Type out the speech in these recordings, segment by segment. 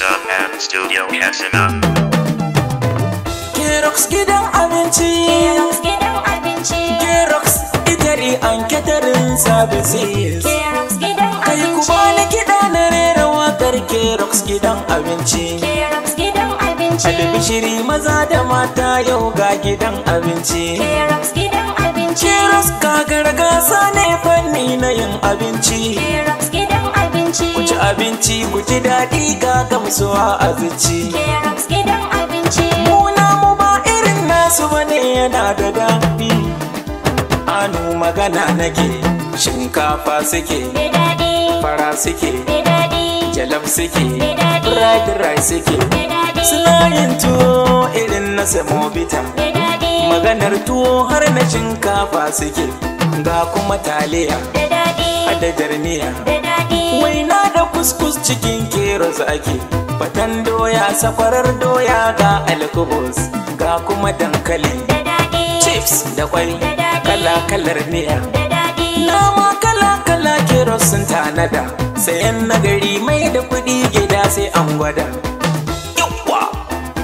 Hausa and Studio Casino. Kerox gidan abinci. Kerox gidan abinci. Kerox itari an katarin services. Kerox gidan abinci. Kai kuma na kiɗa na rera wakar Kerox gidan abinci. Kerox gidan abinci. Albishiri maza da mata yau ga gidan abinci. Kerox gidan abinci. Kerox gagara gasa ne fanni na yin abinci. Kerox abinci ku ji daɗi ga gamsuwa a zuci. abinci. Muna mu ba irin nasu bane yana da daɗi. Anu magana nake, shinkafa suke. Fara suke. Jalaf suke. Fried rice suke. Suna tuwo irin na samobita, Maganar tuwo har na shinkafa suke. Ga kuma taliya. Da daɗi. jarmiya. Da daɗi. da kuskus cikin keros ake fatan doya sakwarar doya ga alkubus ga kuma dankali chips da kwai kala kalar miya nama kala kala keros sun tanada sayan nagari mai da kudi gida sai an gwada yawa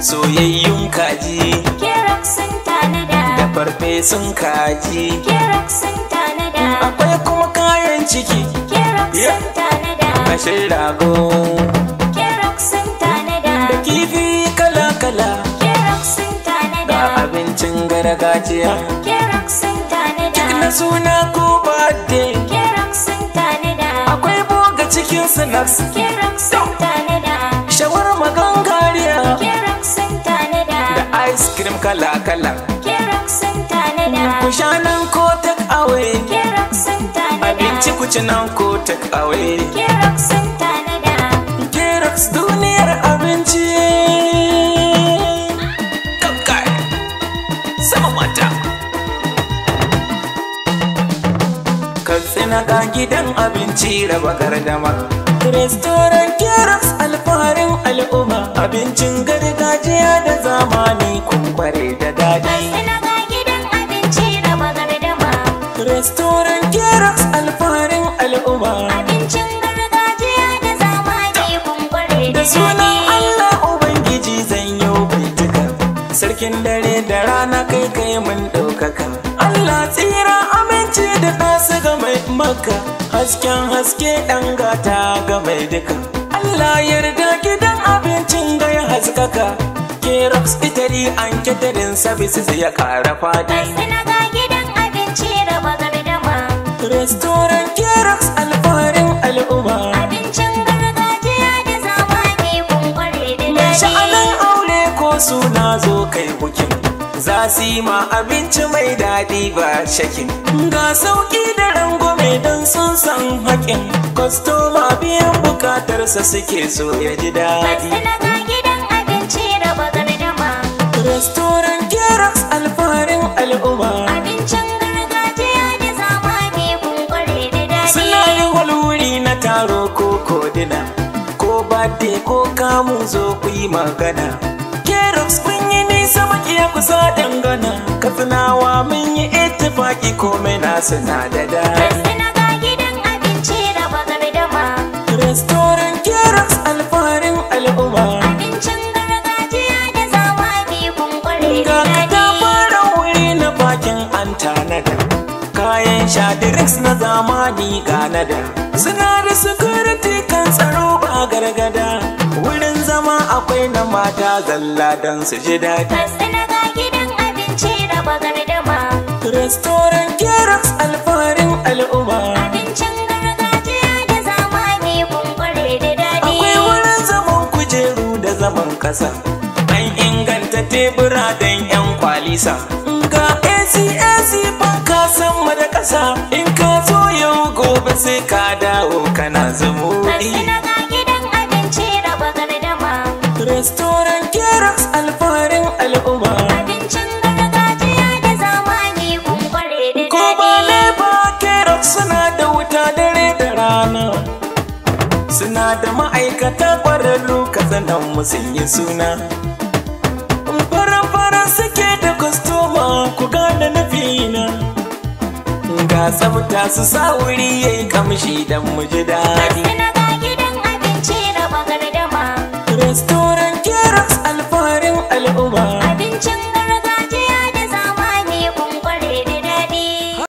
soyayyun kaji keros sun tanada da farfesun kaji keros sun tanada akwai kuma kayan ciki keros sun tanada kashin rago kerok sun tanada da kifi kala-kala kerok sun tanada ga abincin gargajiya kerok sun tanada duk na suna ko birthday kerok sun tanada akwai boga cikin snacks kerok sun tanada shawarma gangariya kerok sun tanada da ice cream kala-kala kerok sun tanada ku sha nan ko take away kerok sun tanada abinci ku ci nan ko take away sama mata katsina ga gidan abinci raba gardama restoran keras alfaharin al'umma abincin gargajiya da zamani kunkware da daɗi Restoran keras alfaharin al'umma abincin gargajiya da zamani kunkware da daɗi cikin dare da rana kai kai mun ɗaukaka Allah tsira aminci da tasu ga mai maka hasken haske ɗan gata ga mai duka Allah yarda gidan abincin ga ya haskaka ke rocks itari an kitarin services ya ƙara fadi ga gidan abinci raba gardama restaurant ke alfarin al'umma musu na zo kai bukin za su yi ma abinci mai daɗi ba shakin ga sauƙi da rangwame don sun san haƙin kwastoma biyan bukatarsa suke so ya ji daɗi Restoran Gerax alfaharin al'umma Abincin gargajiya da zamani kunkure da daɗi Suna yi walwuri na taro ko kodina Ko bate ko kamun zo ku yi magana Jos kun yi nisa makiya kusa dangana Katsinawa mun yi ittifaki komai na suna da da ga gidan abinci raba game da ma Restoran Kerox alfaharin al'umma Abincin gargajiya da zamani kun kware Ga kada fara wuri na bakin an Kayan sha na zamani ganada Suna da suka akwai na mata zalla don su ji daɗi. Katsina ga gidan abinci raba gardama. Restoran Gerax alfarin al'umma. Abincin gargajiya da zamani kumbure da daɗi. Akwai wurin zaman kujeru da zaman ƙasa. An inganta tebura don 'yan kwalisa. Ga ACAC banka sama da ƙasa. In ka zo yau gobe sai ka dawo kana zamo. Katsina Restoran Keras alfaharin al'umma. Abincin gargajiya da zamani kun kware da daɗi. Kuma leba Keras suna da wuta dare da rana. Suna da ma'aikata ƙwararru kazanan mu sun yi suna. Fara-fara suke da kwastoma ku gane nufina. Ga tsafta su sa wuri yayi kamshi don mu ji daɗi. Restaurant